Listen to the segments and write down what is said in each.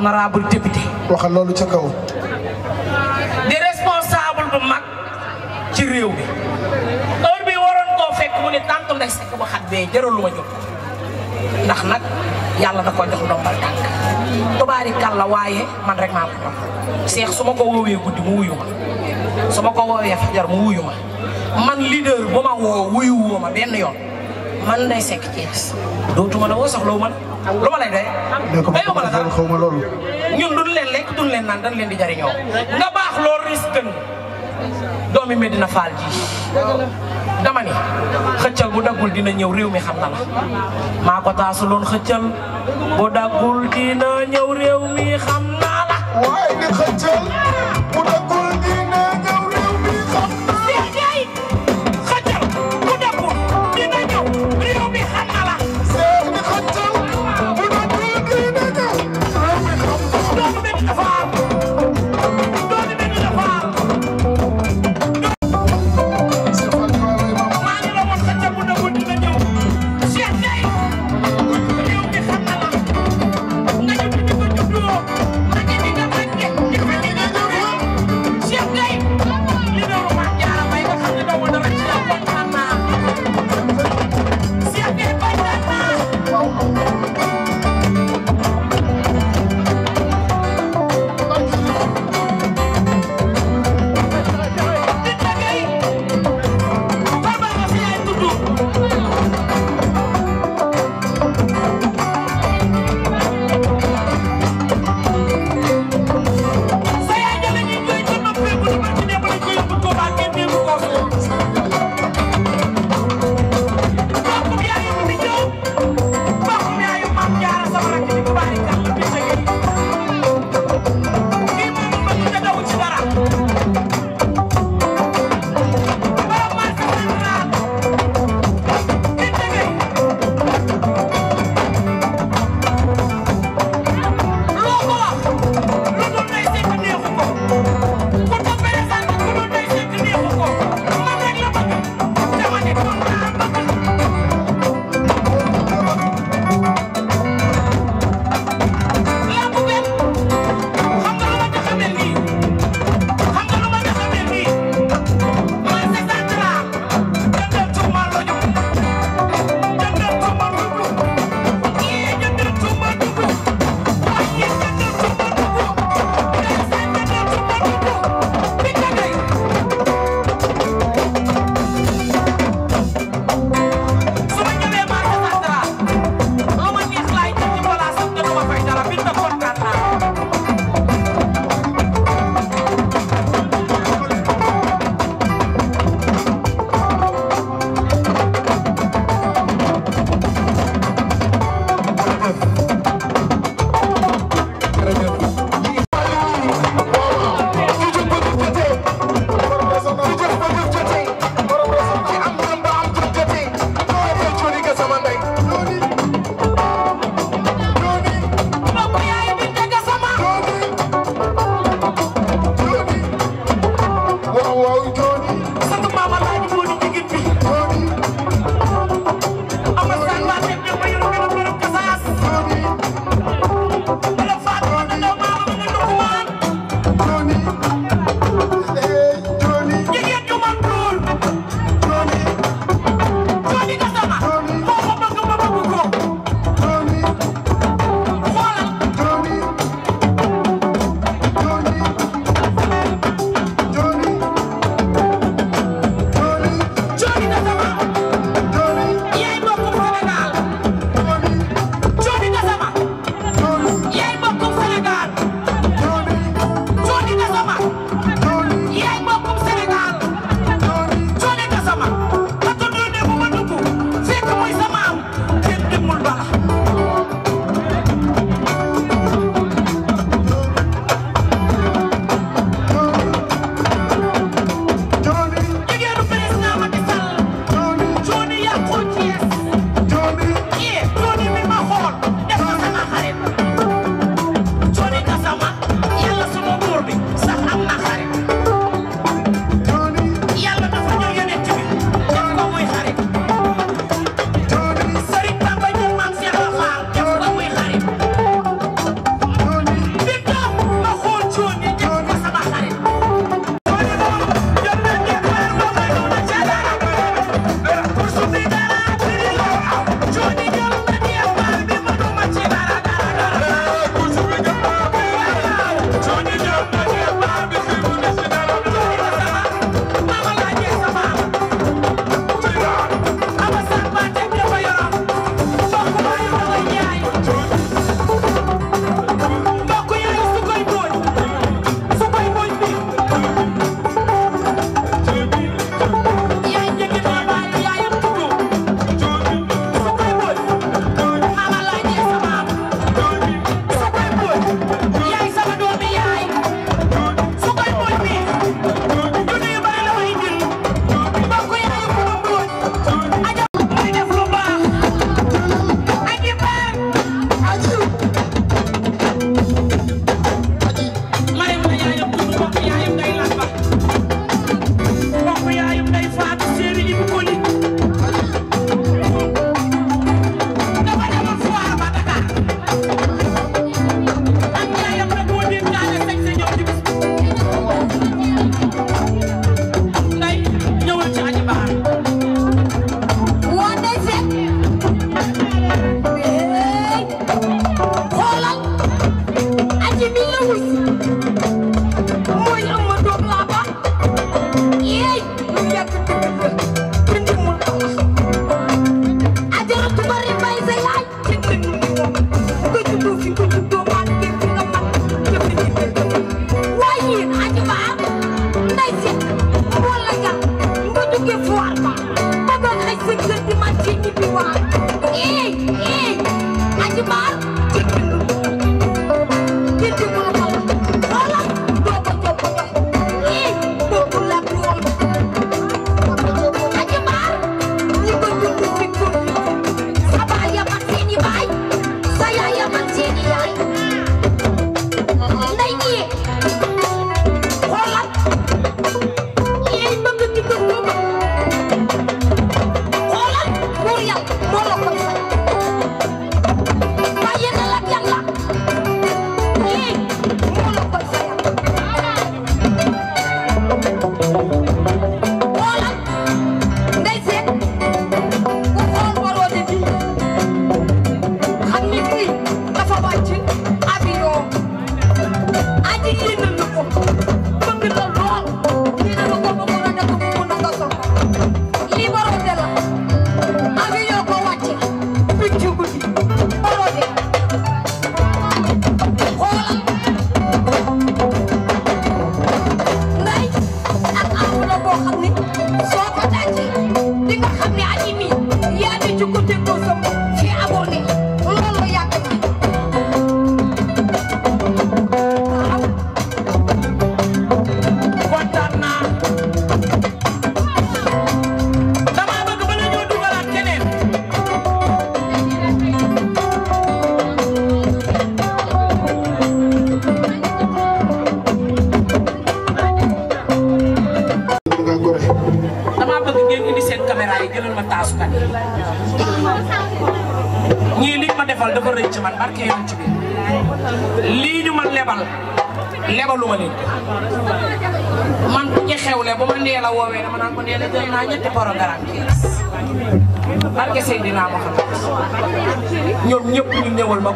honorable député. waxal loolu ca kaw. di responsable réew mi fekk ne tànk nday ndax nag yàlla da ko jox ndombal tànk tubaari kàlla waaye man rek maa ko seex su ma ko woowee guddi mu wuyu ma su ma ko woowee fajar mu wuyu ma man leader bu ma woo wuyu woo ma benn yoon man nday sekk Cees dootuma la woo soxlawu ma la lu ma lay doy. dayoo ma la dara xaw ma loolu. ñun duñ leen lekk duñ leen naan dañ leen di jariñoo nga baax loolu risque doomi Medina Fall ji dama ni xëccal bu daggul dina ñëw réew mi xam na la maa ko taasu loon xëccal bu daggul dina ñëw réew mi xam naa la waaye ni xëccal bu daggul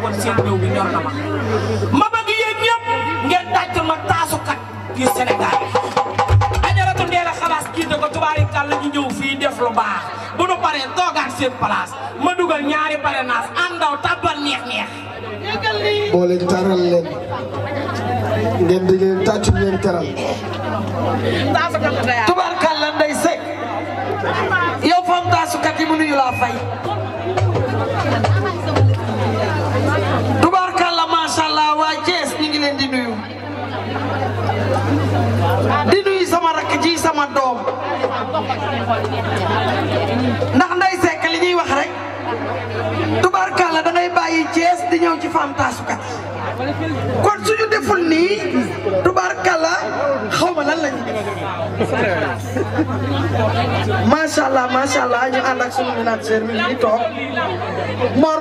kon seen ñëw ma bëgg yéen ñëpp ngeen tàcc ma taasukat kii Sénégal ajaratu ndee la xalaas kii da ko tubaari kàll la ñu def lu bu nu paree toogaat seen place ma dugal ñaari parrainage àndaw tàbbal neex neex boo leen taral leen ngeen di leen tàccu ngeen teral tubaarkàlla nday sekk yow foom taasukat yi mënuñu laa fay leen di nuyu di nuyu sama rakk ji sama dom. ndax nday sekk li ñuy wax rek tubaarkàlla da ngay bàyyi Cees di ñëw ci faam taasukat kon suñu deful nii tubaarkàlla xaw ma lan lañu def macha allah macha allah ñu ànd suñu naan seer mi ngi toog Mor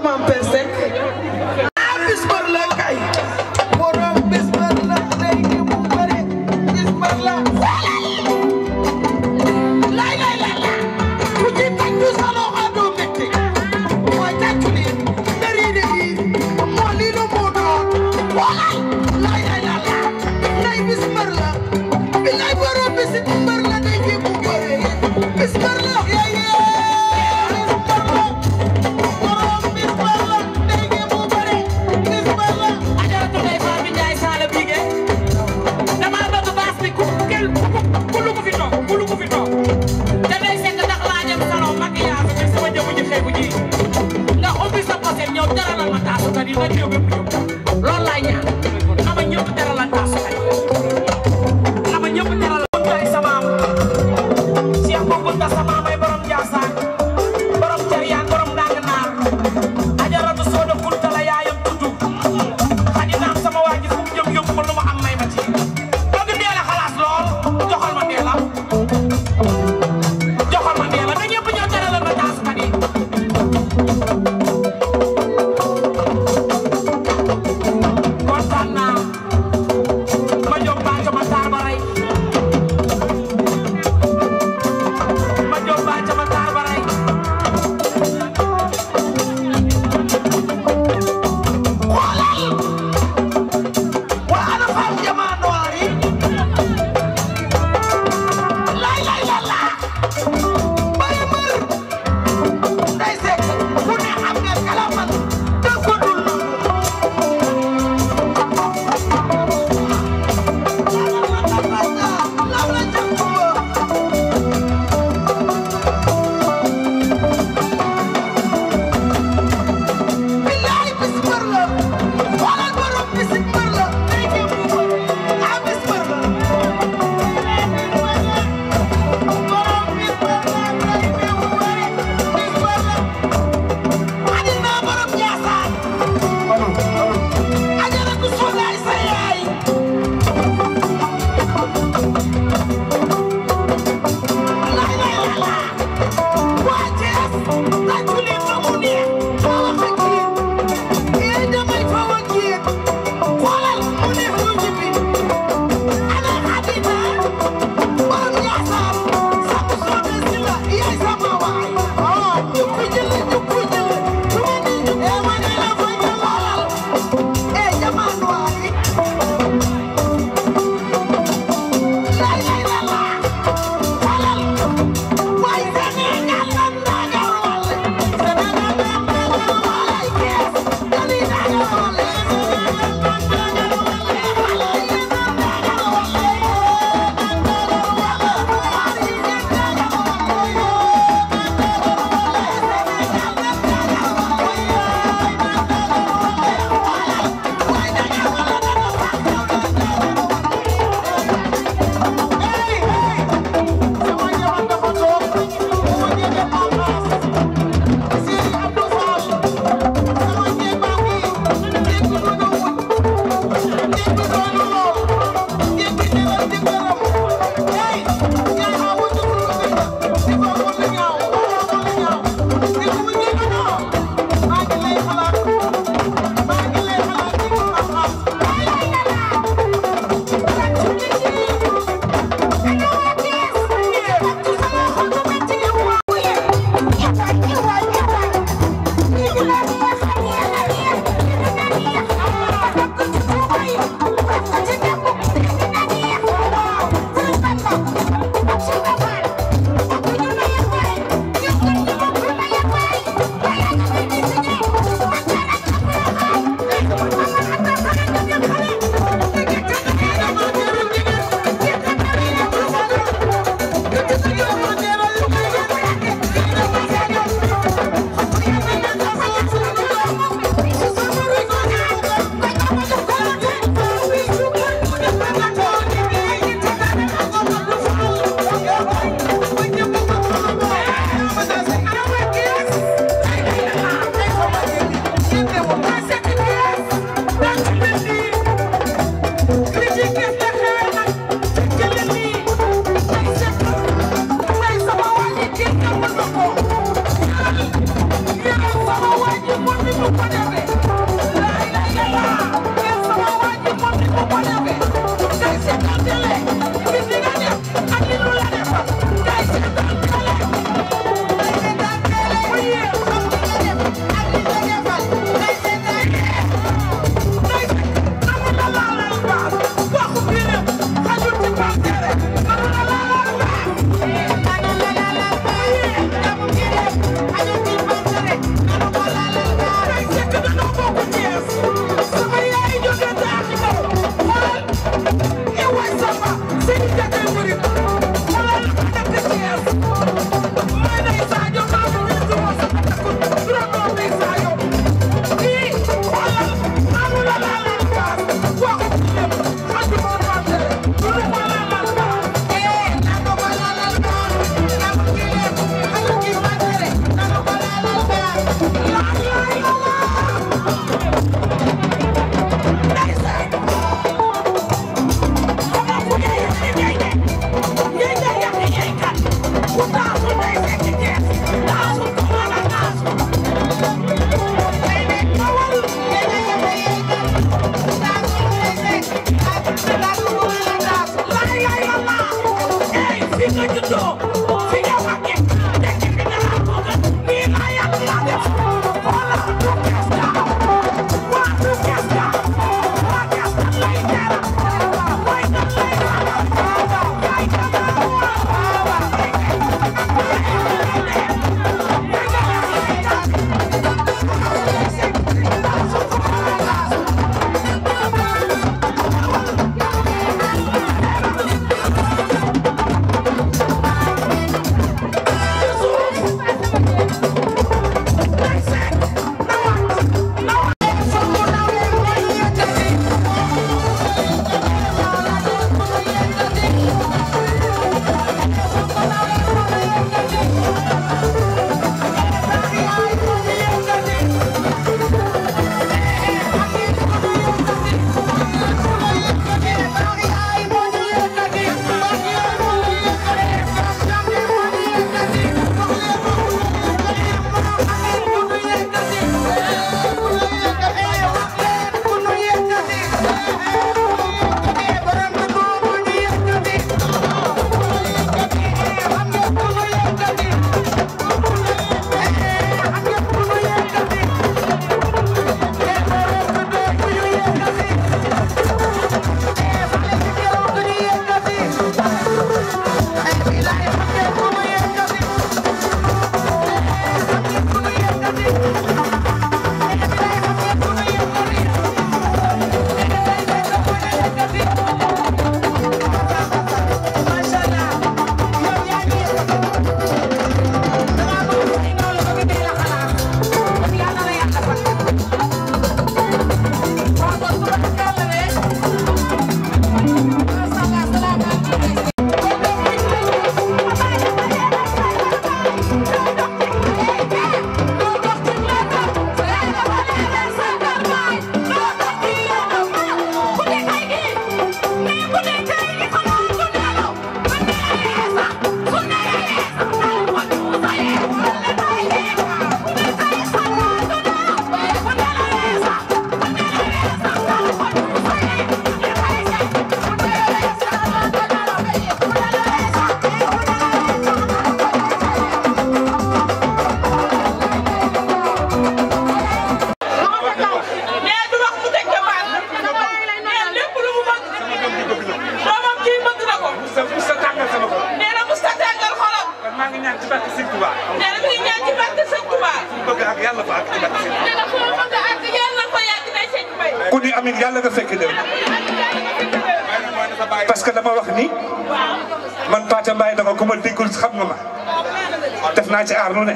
naa ci aar lu ne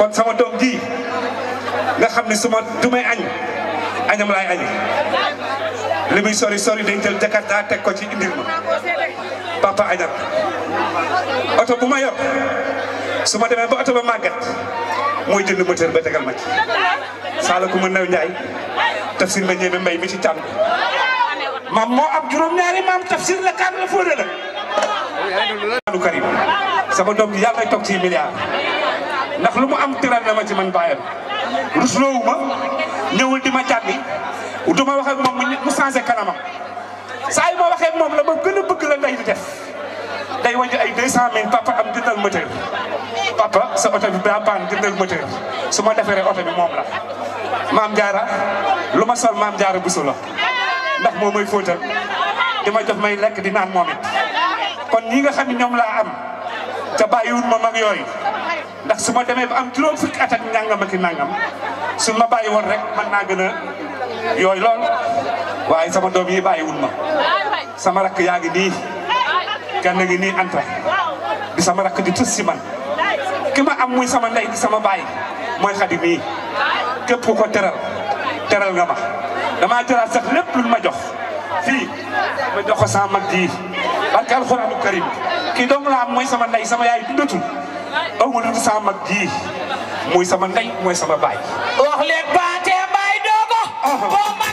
kon sama doom ji nga xam ne su ma du añ añam laay añi li muy sori sori day jël jakarta teg ko ci indil ma papa añam oto bu ma yor su ma demee ba oto ba màggat mooy jënd moteur ba tegal ma ci saala ku ma new njaay tafsir ma ñeeme mbay mi ci tànn maam moo ab juróom-ñaari maam tafsir la kaar la fóode la karim sama doom ji yàlla nay toog ci milliard ndax lu mu am tiral ma ci man bàyyam rusloowu ma ñëwul di ma jànni du ma wax ak moom mu changé kanamam saa yi ma waxee moom la ma gën a bëgg la day di def day wàññi ay 200000 papa am jëndal moteur papa sa oto bi daa baan jëndal moteur su ma defaree oto bi moom la maam jaara lu ma sol maam jaara bu la ndax moo may fóotal di ma jox may lekk di naan moom kon ñi nga xam ñoom laa am te bàyyiwut ma mag yooyu ndax su ma demee ba am juróom fukki at ak nangam ak su ma bàyyi woon rek mën naa gën a yooyu lool waaye sama doom yi bàyyiwul ma sama rakk yaa ngi nii kenn ngi nii anta di sama rakk di tus si man ki ma am muy sama ndey di sama baay mooy xadi mii képp ku ko teral teral nga ma damaa jëlaat sax lépp lu ma jox fii ma jox ko sama mag ji alxuraanu karim kii dong laa mooy sama ndey sama yaay dundatul aw ma dund sama mag mooy sama ndey mooy sama baay. wax leen baay doogo. Ah.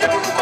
Thank you.